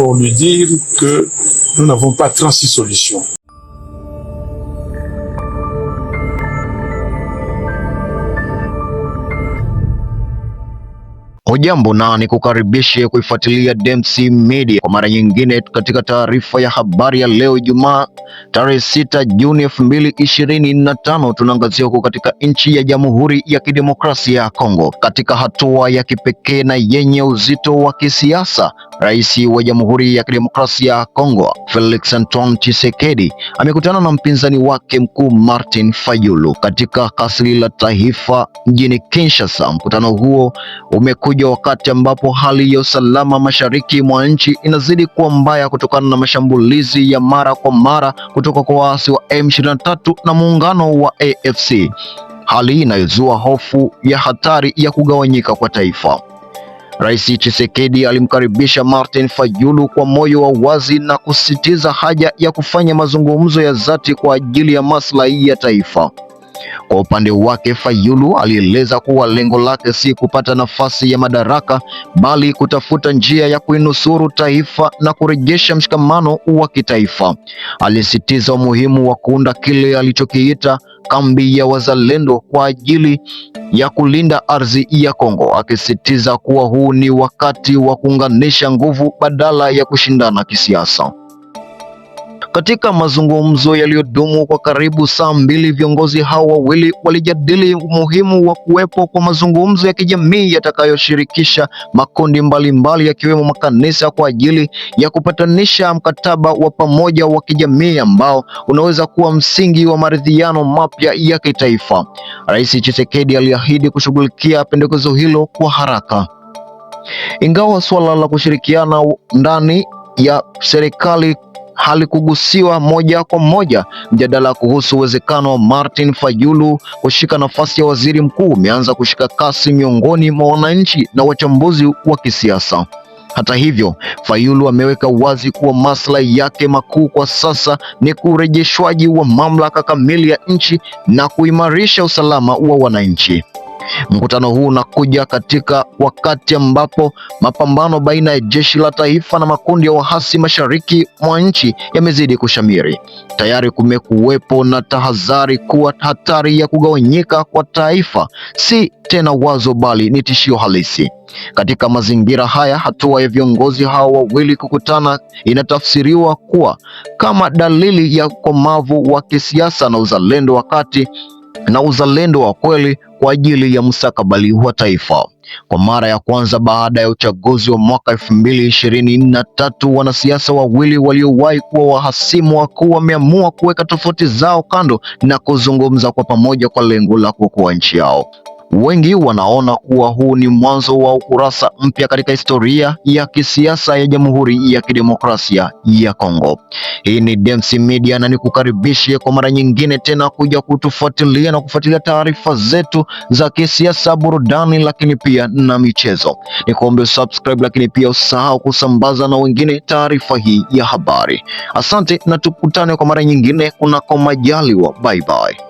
pour lui dire que nous n'avons pas 36 solutions. Hujambo na nikukaribishe kuifuatilia Dems Media kwa mara nyingine katika taarifa ya habari ya leo Ijumaa tarehe 6 Juni 2025. Tunaangazia huko katika nchi ya Jamhuri ya Kidemokrasia ya Kongo katika hatua ya kipekee na yenye uzito wa kisiasa Rais wa Jamhuri ya Kidemokrasia ya Kongo Felix Antoine Tshisekedi amekutana na mpinzani wake mkuu Martin Fayulu katika kasri la taifa mjini Kinshasa. Mkutano huo umekuja wakati ambapo hali ya usalama mashariki mwa nchi inazidi kuwa mbaya kutokana na mashambulizi ya mara kwa mara kutoka kwa waasi wa M23 na muungano wa AFC, hali inayozua hofu ya hatari ya kugawanyika kwa taifa. Rais Tshisekedi alimkaribisha Martin Fayulu kwa moyo wa wazi na kusisitiza haja ya kufanya mazungumzo ya dhati kwa ajili ya maslahi ya taifa. Kwa upande wake, Fayulu alieleza kuwa lengo lake si kupata nafasi ya madaraka bali kutafuta njia ya kuinusuru taifa na kurejesha mshikamano wa kitaifa. Alisitiza umuhimu wa kuunda kile alichokiita kambi ya wazalendo kwa ajili ya kulinda ardhi ya Kongo, akisisitiza kuwa huu ni wakati wa kuunganisha nguvu badala ya kushindana kisiasa. Katika mazungumzo yaliyodumu kwa karibu saa mbili, viongozi hao wawili walijadili umuhimu wa kuwepo kwa mazungumzo ya kijamii yatakayoshirikisha makundi mbalimbali yakiwemo makanisa kwa ajili ya kupatanisha mkataba wa pamoja wa kijamii ambao unaweza kuwa msingi wa maridhiano mapya ya kitaifa. Rais Tshisekedi aliahidi kushughulikia pendekezo hilo kwa haraka. Ingawa suala la kushirikiana ndani ya serikali halikugusiwa moja kwa moja. Mjadala kuhusu uwezekano wa Martin Fayulu kushika nafasi ya waziri mkuu umeanza kushika kasi miongoni mwa wananchi na wachambuzi wa kisiasa. Hata hivyo, Fayulu ameweka wazi kuwa maslahi yake makuu kwa sasa ni kurejeshwaji wa mamlaka kamili ya nchi na kuimarisha usalama wa wananchi. Mkutano huu unakuja katika wakati ambapo mapambano baina ya jeshi la taifa na makundi ya waasi mashariki mwa nchi yamezidi kushamiri. Tayari kumekuwepo na tahadhari kuwa hatari ya kugawanyika kwa taifa si tena wazo, bali ni tishio halisi. Katika mazingira haya, hatua ya viongozi hawa wawili kukutana inatafsiriwa kuwa kama dalili ya ukomavu wa kisiasa na uzalendo wakati na uzalendo wa kweli kwa ajili ya mustakabali wa taifa. Kwa mara ya kwanza baada ya uchaguzi wa mwaka elfu mbili ishirini na tatu, wanasiasa wawili waliowahi kuwa wahasimu wakuu wameamua kuweka tofauti zao kando na kuzungumza kwa pamoja kwa lengo la kuokoa nchi yao. Wengi wanaona kuwa huu ni mwanzo wa ukurasa mpya katika historia ya kisiasa ya Jamhuri ya Kidemokrasia ya Kongo. Hii ni Dems Media na nikukaribishe kwa mara nyingine tena kuja kutufuatilia na kufuatilia taarifa zetu za kisiasa, burudani, lakini pia na michezo. Nikuombe subscribe, lakini pia usahau kusambaza na wengine taarifa hii ya habari. Asante na tukutane kwa mara nyingine kunako majaliwa. Bye bye.